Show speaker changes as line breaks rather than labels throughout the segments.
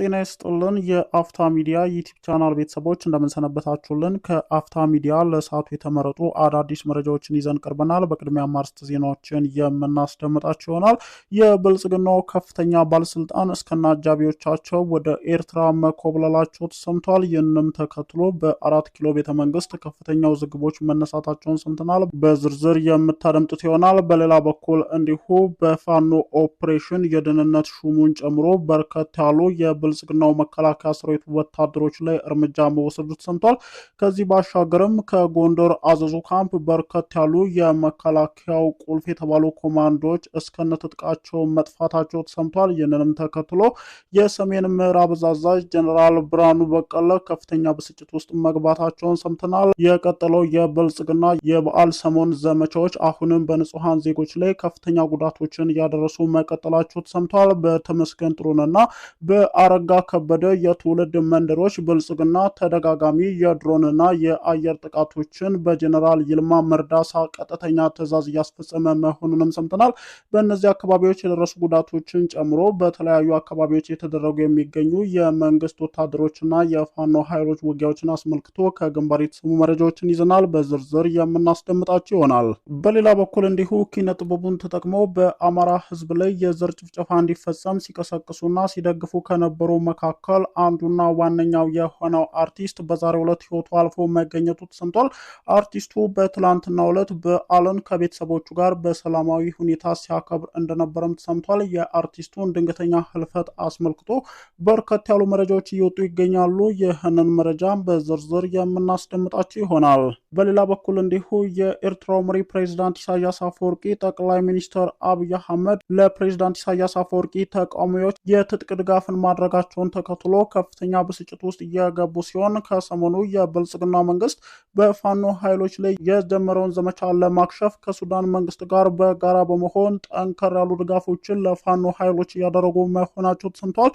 ጤና ይስጥልን የአፍታ ሚዲያ ዩቲብ ቻናል ቤተሰቦች እንደምንሰነበታችሁልን። ከአፍታ ሚዲያ ለሰዓቱ የተመረጡ አዳዲስ መረጃዎችን ይዘን ቀርበናል። በቅድሚያ ማርስት ዜናዎችን የምናስደምጣችሁ ይሆናል። የብልጽግናው ከፍተኛ ባለስልጣን እስከነ አጃቢዎቻቸው ወደ ኤርትራ መኮብለላቸው ተሰምቷል። ይህንም ተከትሎ በአራት ኪሎ ቤተ መንግስት ከፍተኛ ውዝግቦች መነሳታቸውን ሰምተናል። በዝርዝር የምታደምጡት ይሆናል። በሌላ በኩል እንዲሁ በፋኖ ኦፕሬሽን የደህንነት ሹሙን ጨምሮ በርከት ያሉ የ ብልጽግናው መከላከያ ሰራዊት ወታደሮች ላይ እርምጃ መወሰዱ ተሰምቷል። ከዚህ ባሻገርም ከጎንደር አዘዙ ካምፕ በርከት ያሉ የመከላከያው ቁልፍ የተባሉ ኮማንዶዎች እስከነትጥቃቸው መጥፋታቸው ተሰምቷል። ይህንንም ተከትሎ የሰሜን ምዕራብ እዝ አዛዥ ጀኔራል ብርሃኑ በቀለ ከፍተኛ ብስጭት ውስጥ መግባታቸውን ሰምተናል። የቀጠለው የብልጽግና የበዓል ሰሞን ዘመቻዎች አሁንም በንጹሐን ዜጎች ላይ ከፍተኛ ጉዳቶችን እያደረሱ መቀጠላቸው ተሰምቷል። በተመስገን ጥሩነና በአ የአረጋ ከበደ የትውልድ መንደሮች ብልጽግና ተደጋጋሚ የድሮንና የአየር ጥቃቶችን በጀኔራል ይልማ መርዳሳ ቀጥተኛ ትዕዛዝ እያስፈጸመ መሆኑንም ሰምተናል። በእነዚህ አካባቢዎች የደረሱ ጉዳቶችን ጨምሮ በተለያዩ አካባቢዎች የተደረጉ የሚገኙ የመንግስት ወታደሮችና የፋኖ ኃይሎች ውጊያዎችን አስመልክቶ ከግንባር የተሰሙ መረጃዎችን ይዘናል። በዝርዝር የምናስደምጣቸው ይሆናል። በሌላ በኩል እንዲሁ ኪነ ጥበቡን ተጠቅመው በአማራ ህዝብ ላይ የዘር ጭፍጨፋ እንዲፈጸም ሲቀሰቅሱና ሲደግፉ ከነ ከነበሩ መካከል አንዱና ዋነኛው የሆነው አርቲስት በዛሬው ዕለት ህይወቱ አልፎ መገኘቱ ተሰምቷል። አርቲስቱ በትላንትናው ዕለት በዓልን ከቤተሰቦቹ ጋር በሰላማዊ ሁኔታ ሲያከብር እንደነበረም ተሰምቷል። የአርቲስቱን ድንገተኛ ህልፈት አስመልክቶ በርከት ያሉ መረጃዎች እየወጡ ይገኛሉ። ይህንን መረጃ በዝርዝር የምናስደምጣቸው ይሆናል። በሌላ በኩል እንዲሁ የኤርትራው መሪ ፕሬዚዳንት ኢሳያስ አፈወርቂ ጠቅላይ ሚኒስትር አብይ አህመድ ለፕሬዚዳንት ኢሳያስ አፈወርቂ ተቃዋሚዎች የትጥቅ ድጋፍን ማድረጋቸውን ተከትሎ ከፍተኛ ብስጭት ውስጥ እየገቡ ሲሆን ከሰሞኑ የብልጽግና መንግስት በፋኖ ኃይሎች ላይ የጀመረውን ዘመቻ ለማክሸፍ ከሱዳን መንግስት ጋር በጋራ በመሆን ጠንከር ያሉ ድጋፎችን ለፋኖ ኃይሎች እያደረጉ መሆናቸው ተሰምቷል።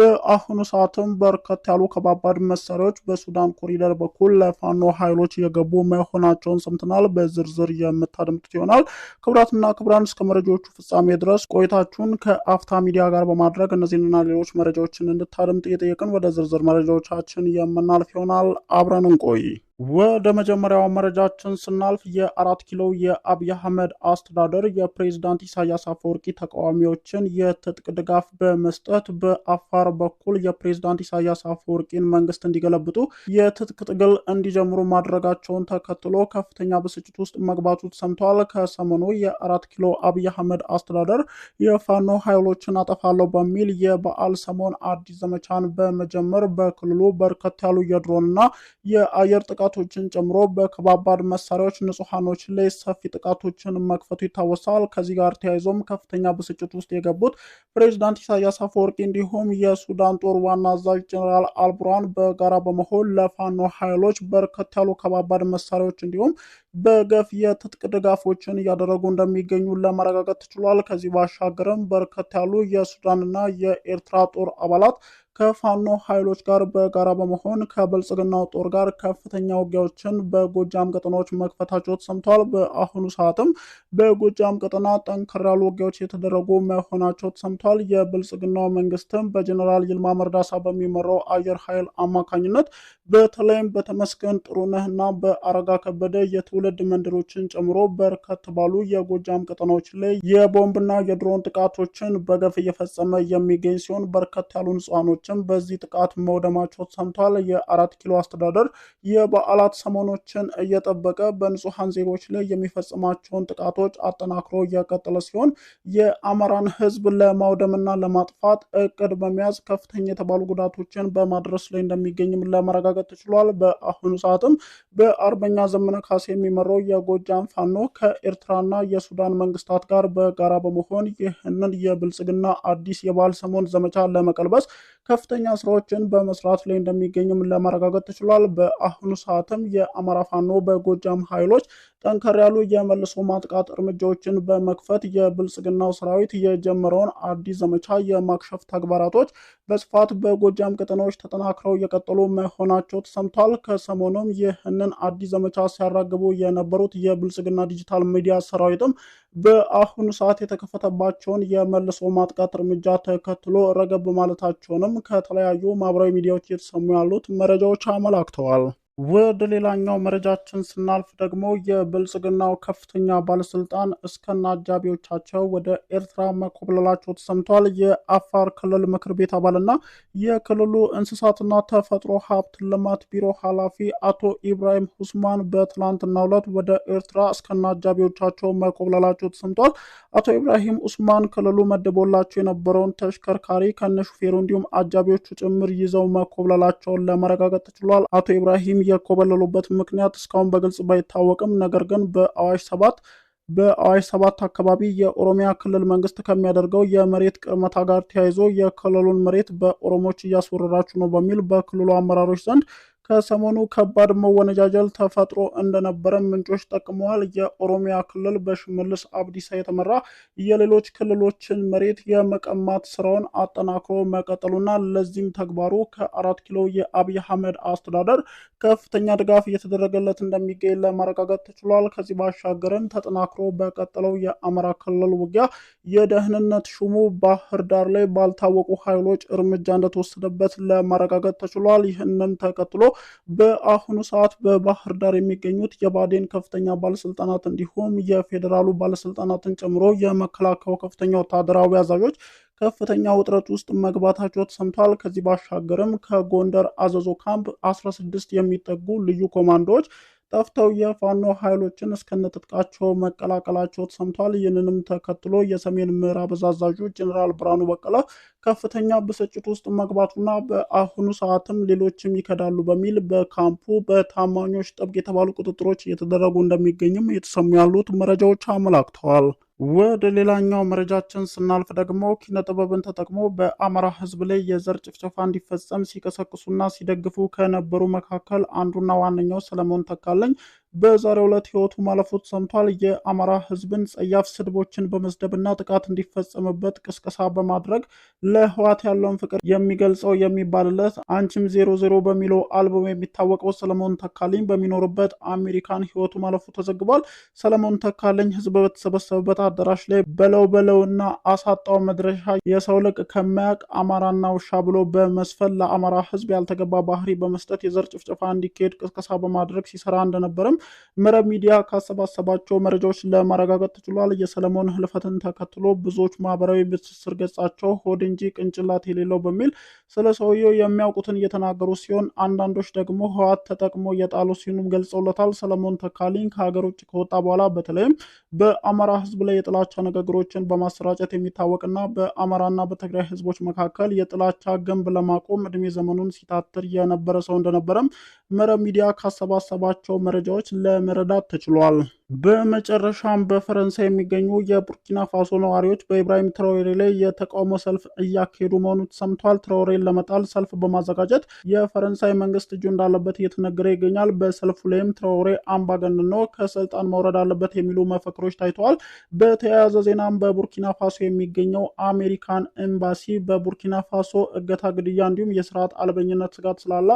በአሁኑ ሰዓትም በርከት ያሉ ከባባድ መሳሪያዎች በሱዳን ኮሪደር በኩል ለፋኖ ኃይሎች እየገቡ መሆናቸውን ሰምተናል። በዝርዝር የምታደምጡት ይሆናል። ክቡራትና ክቡራን እስከ መረጃዎቹ ፍጻሜ ድረስ ቆይታችሁን ከአፍታ ሚዲያ ጋር በማድረግ እነዚህንና ሌሎች መረጃዎችን እንድታደምጥ እየጠየቅን ወደ ዝርዝር መረጃዎቻችን የምናልፍ ይሆናል። አብረን እንቆይ። ወደ መጀመሪያው መረጃችን ስናልፍ የአራት ኪሎ የአብይ አህመድ አስተዳደር የፕሬዝዳንት ኢሳያስ አፈወርቂ ተቃዋሚዎችን የትጥቅ ድጋፍ በመስጠት በአፋር በኩል የፕሬዝዳንት ኢሳያስ አፈወርቂን መንግስት እንዲገለብጡ የትጥቅ ትግል እንዲጀምሩ ማድረጋቸውን ተከትሎ ከፍተኛ ብስጭት ውስጥ መግባቱ ሰምተዋል። ከሰሞኑ የአራት ኪሎ አብይ አህመድ አስተዳደር የፋኖ ኃይሎችን አጠፋለሁ በሚል የበዓል ሰሞን አዲስ ዘመቻን በመጀመር በክልሉ በርከት ያሉ የድሮንና የአየር ጥቃት ጥቃቶችን ጨምሮ በከባባድ መሳሪያዎች ንጹሐኖች ላይ ሰፊ ጥቃቶችን መክፈቱ ይታወሳል። ከዚህ ጋር ተያይዞም ከፍተኛ ብስጭት ውስጥ የገቡት ፕሬዚዳንት ኢሳያስ አፈወርቂ እንዲሁም የሱዳን ጦር ዋና አዛዥ ጀኔራል አልቡርሃን በጋራ በመሆን ለፋኖ ኃይሎች በርከት ያሉ ከባባድ መሳሪያዎች እንዲሁም በገፍ የትጥቅ ድጋፎችን እያደረጉ እንደሚገኙ ለማረጋገጥ ተችሏል። ከዚህ ባሻገርም በርከት ያሉ የሱዳንና የኤርትራ ጦር አባላት ከፋኖ ኃይሎች ጋር በጋራ በመሆን ከብልጽግናው ጦር ጋር ከፍተኛ ውጊያዎችን በጎጃም ቀጠናዎች መክፈታቸው ተሰምተዋል። በአሁኑ ሰዓትም በጎጃም ቀጠና ጠንከር ያሉ ውጊያዎች የተደረጉ መሆናቸው ተሰምተዋል። የብልጽግናው መንግስትም በጀኔራል ይልማ መርዳሳ በሚመራው አየር ኃይል አማካኝነት በተለይም በተመስገን ጥሩነህና በአረጋ ከበደ የትውልድ መንደሮችን ጨምሮ በርከት ባሉ የጎጃም ቀጠናዎች ላይ የቦምብና የድሮን ጥቃቶችን በገፍ እየፈጸመ የሚገኝ ሲሆን በርከት ያሉ ንጹሃኖች ቤቶችም በዚህ ጥቃት መውደማቸው ሰምቷል። የአራት ኪሎ አስተዳደር የበዓላት ሰሞኖችን እየጠበቀ በንጹሐን ዜጎች ላይ የሚፈጽማቸውን ጥቃቶች አጠናክሮ እያቀጠለ ሲሆን የአማራን ህዝብ ለማውደምና ለማጥፋት እቅድ በመያዝ ከፍተኛ የተባሉ ጉዳቶችን በማድረስ ላይ እንደሚገኝም ለመረጋገጥ ተችሏል። በአሁኑ ሰዓትም በአርበኛ ዘመነ ካሴ የሚመራው የጎጃም ፋኖ ከኤርትራና የሱዳን መንግስታት ጋር በጋራ በመሆን ይህንን የብልጽግና አዲስ የበዓል ሰሞን ዘመቻ ለመቀልበስ ከፍተኛ ስራዎችን በመስራት ላይ እንደሚገኝም ለማረጋገጥ ተችሏል። በአሁኑ ሰዓትም የአማራ ፋኖ በጎጃም ኃይሎች ጠንከር ያሉ የመልሶ ማጥቃት እርምጃዎችን በመክፈት የብልጽግናው ሰራዊት የጀመረውን አዲስ ዘመቻ የማክሸፍ ተግባራቶች በስፋት በጎጃም ቀጠናዎች ተጠናክረው የቀጠሉ መሆናቸው ተሰምቷል። ከሰሞኑም ይህንን አዲስ ዘመቻ ሲያራግቡ የነበሩት የብልጽግና ዲጂታል ሚዲያ ሰራዊትም በአሁኑ ሰዓት የተከፈተባቸውን የመልሶ ማጥቃት እርምጃ ተከትሎ ረገብ ማለታቸውንም ከተለያዩ ማህበራዊ ሚዲያዎች እየተሰሙ ያሉት መረጃዎች አመላክተዋል። ወደ ሌላኛው መረጃችን ስናልፍ ደግሞ የብልጽግናው ከፍተኛ ባለስልጣን እስከና አጃቢዎቻቸው ወደ ኤርትራ መኮብለላቸው ተሰምቷል። የአፋር ክልል ምክር ቤት አባልና የክልሉ እንስሳትና ተፈጥሮ ሀብት ልማት ቢሮ ኃላፊ አቶ ኢብራሂም ሁስማን በትናንትናው ዕለት ወደ ኤርትራ እስከና አጃቢዎቻቸው መኮብለላቸው ተሰምቷል። አቶ ኢብራሂም ሁስማን ክልሉ መድቦላቸው የነበረውን ተሽከርካሪ ከነ ሹፌሩ እንዲሁም አጃቢዎቹ ጭምር ይዘው መኮብለላቸውን ለማረጋገጥ ተችሏል። አቶ ኢብራሂም የኮበለሉበት ምክንያት እስካሁን በግልጽ ባይታወቅም ነገር ግን በአዋሽ ሰባት በአዋሽ ሰባት አካባቢ የኦሮሚያ ክልል መንግስት ከሚያደርገው የመሬት ቅርመታ ጋር ተያይዞ የክልሉን መሬት በኦሮሞች እያስወረራችሁ ነው በሚል በክልሉ አመራሮች ዘንድ ከሰሞኑ ከባድ መወነጃጀል ተፈጥሮ እንደነበረ ምንጮች ጠቅመዋል። የኦሮሚያ ክልል በሽመልስ አብዲሳ የተመራ የሌሎች ክልሎችን መሬት የመቀማት ስራውን አጠናክሮ መቀጠሉና ለዚህም ተግባሩ ከአራት ኪሎ የአብይ አህመድ አስተዳደር ከፍተኛ ድጋፍ እየተደረገለት እንደሚገኝ ለማረጋገጥ ተችሏል። ከዚህ ባሻገርን ተጠናክሮ በቀጠለው የአማራ ክልል ውጊያ የደህንነት ሹሙ ባህር ዳር ላይ ባልታወቁ ኃይሎች እርምጃ እንደተወሰደበት ለማረጋገጥ ተችሏል። ይህንም ተከትሎ በአሁኑ ሰዓት በባህር ዳር የሚገኙት የባዴን ከፍተኛ ባለስልጣናት እንዲሁም የፌዴራሉ ባለስልጣናትን ጨምሮ የመከላከያው ከፍተኛ ወታደራዊ አዛዦች ከፍተኛ ውጥረት ውስጥ መግባታቸው ተሰምቷል። ከዚህ ባሻገርም ከጎንደር አዘዞ ካምፕ 16 የሚጠጉ ልዩ ኮማንዶዎች ጠፍተው የፋኖ ኃይሎችን እስከነጥጥቃቸው መቀላቀላቸው ተሰምቷል። ይህንንም ተከትሎ የሰሜን ምዕራብ አዛዡ ጀኔራል ብርሃኑ በቀለ ከፍተኛ ብስጭት ውስጥ መግባቱና በአሁኑ ሰዓትም ሌሎችም ይከዳሉ በሚል በካምፑ በታማኞች ጥብቅ የተባሉ ቁጥጥሮች እየተደረጉ እንደሚገኝም የተሰሙ ያሉት መረጃዎች አመላክተዋል። ወደ ሌላኛው መረጃችን ስናልፍ ደግሞ ኪነ ጥበብን ተጠቅሞ በአማራ ሕዝብ ላይ የዘር ጭፍጨፋ እንዲፈጸም ሲቀሰቅሱና ሲደግፉ ከነበሩ መካከል አንዱና ዋነኛው ሰለሞን ተካለኝ በዛሬው ዕለት ህይወቱ ማለፉ ተሰምቷል። የአማራ ህዝብን ጸያፍ ስድቦችን በመስደብና ጥቃት እንዲፈጸምበት ቅስቀሳ በማድረግ ለህዋት ያለውን ፍቅር የሚገልጸው የሚባልለት አንቺም ዜሮ ዜሮ በሚለው አልበም የሚታወቀው ሰለሞን ተካልኝ በሚኖርበት አሜሪካን ህይወቱ ማለፉ ተዘግቧል። ሰለሞን ተካልኝ ህዝብ በተሰበሰበበት አዳራሽ ላይ በለው በለውና አሳጣው መድረሻ የሰው ልቅ ከማያቅ አማራና ውሻ ብሎ በመስፈል ለአማራ ህዝብ ያልተገባ ባህሪ በመስጠት የዘር ጭፍጨፋ እንዲካሄድ ቅስቀሳ በማድረግ ሲሰራ እንደነበረም መረብ ሚዲያ ካሰባሰባቸው መረጃዎች ለማረጋገጥ ተችሏል። የሰለሞን ህልፈትን ተከትሎ ብዙዎች ማህበራዊ ትስስር ገጻቸው ሆድ እንጂ ቅንጭላት የሌለው በሚል ስለ ሰውየው የሚያውቁትን እየተናገሩ ሲሆን አንዳንዶች ደግሞ ህወሓት ተጠቅሞ እየጣሉ ሲሉም ገልጸውለታል። ሰለሞን ተካልኝ ከሀገር ውጭ ከወጣ በኋላ በተለይም በአማራ ህዝብ ላይ የጥላቻ ንግግሮችን በማሰራጨት የሚታወቅና በአማራና በትግራይ ህዝቦች መካከል የጥላቻ ግንብ ለማቆም እድሜ ዘመኑን ሲታትር የነበረ ሰው እንደነበረም መረብ ሚዲያ ካሰባሰባቸው መረጃዎች ለመረዳት ተችሏል። በመጨረሻም በፈረንሳይ የሚገኙ የቡርኪና ፋሶ ነዋሪዎች በኢብራሂም ትራኦሬ ላይ የተቃውሞ ሰልፍ እያካሄዱ መሆኑ ተሰምተዋል። ትራኦሬን ለመጣል ሰልፍ በማዘጋጀት የፈረንሳይ መንግስት እጁ እንዳለበት እየተነገረ ይገኛል። በሰልፉ ላይም ትራኦሬ አምባገነን ነው፣ ከስልጣን መውረድ አለበት የሚሉ መፈክሮች ታይተዋል። በተያያዘ ዜናም በቡርኪና ፋሶ የሚገኘው አሜሪካን ኤምባሲ በቡርኪና ፋሶ እገታ፣ ግድያ እንዲሁም የስርዓት አልበኝነት ስጋት ስላለ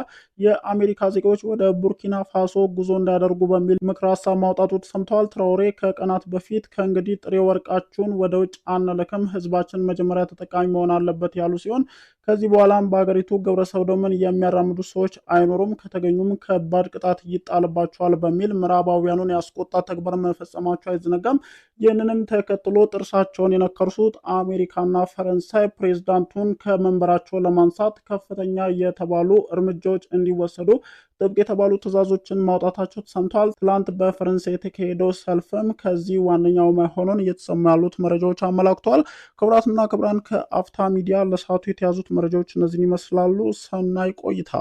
የአሜሪካ ዜጎች ወደ ቡርኪና ፋሶ ጉዞ እንዳያደርጉ በሚል ምክር ሀሳብ ማውጣቱ ሰምተዋል። ትራውሬ ከቀናት በፊት ከእንግዲህ ጥሬ ወርቃችሁን ወደ ውጭ አንልክም፣ ህዝባችን መጀመሪያ ተጠቃሚ መሆን አለበት ያሉ ሲሆን ከዚህ በኋላም በሀገሪቱ ግብረ ሰዶምን የሚያራምዱ ሰዎች አይኖሩም፣ ከተገኙም ከባድ ቅጣት ይጣልባቸዋል በሚል ምዕራባውያኑን ያስቆጣ ተግባር መፈጸማቸው አይዘነጋም። ይህንንም ተከትሎ ጥርሳቸውን የነከርሱት አሜሪካና ፈረንሳይ ፕሬዝዳንቱን ከመንበራቸው ለማንሳት ከፍተኛ የተባሉ እርምጃዎች እንዲወሰዱ ጥብቅ የተባሉ ትዕዛዞችን ማውጣታቸው ተሰምቷል። ትላንት በፈረንሳይ የተካሄደው ሰልፍም ከዚህ ዋነኛው መሆኑን እየተሰማ ያሉት መረጃዎች አመላክተዋል። ክቡራትና ክቡራን ከአፍታ ሚዲያ ለሰዓቱ የተያዙት መረጃዎች እነዚህን ይመስላሉ። ሰናይ ቆይታ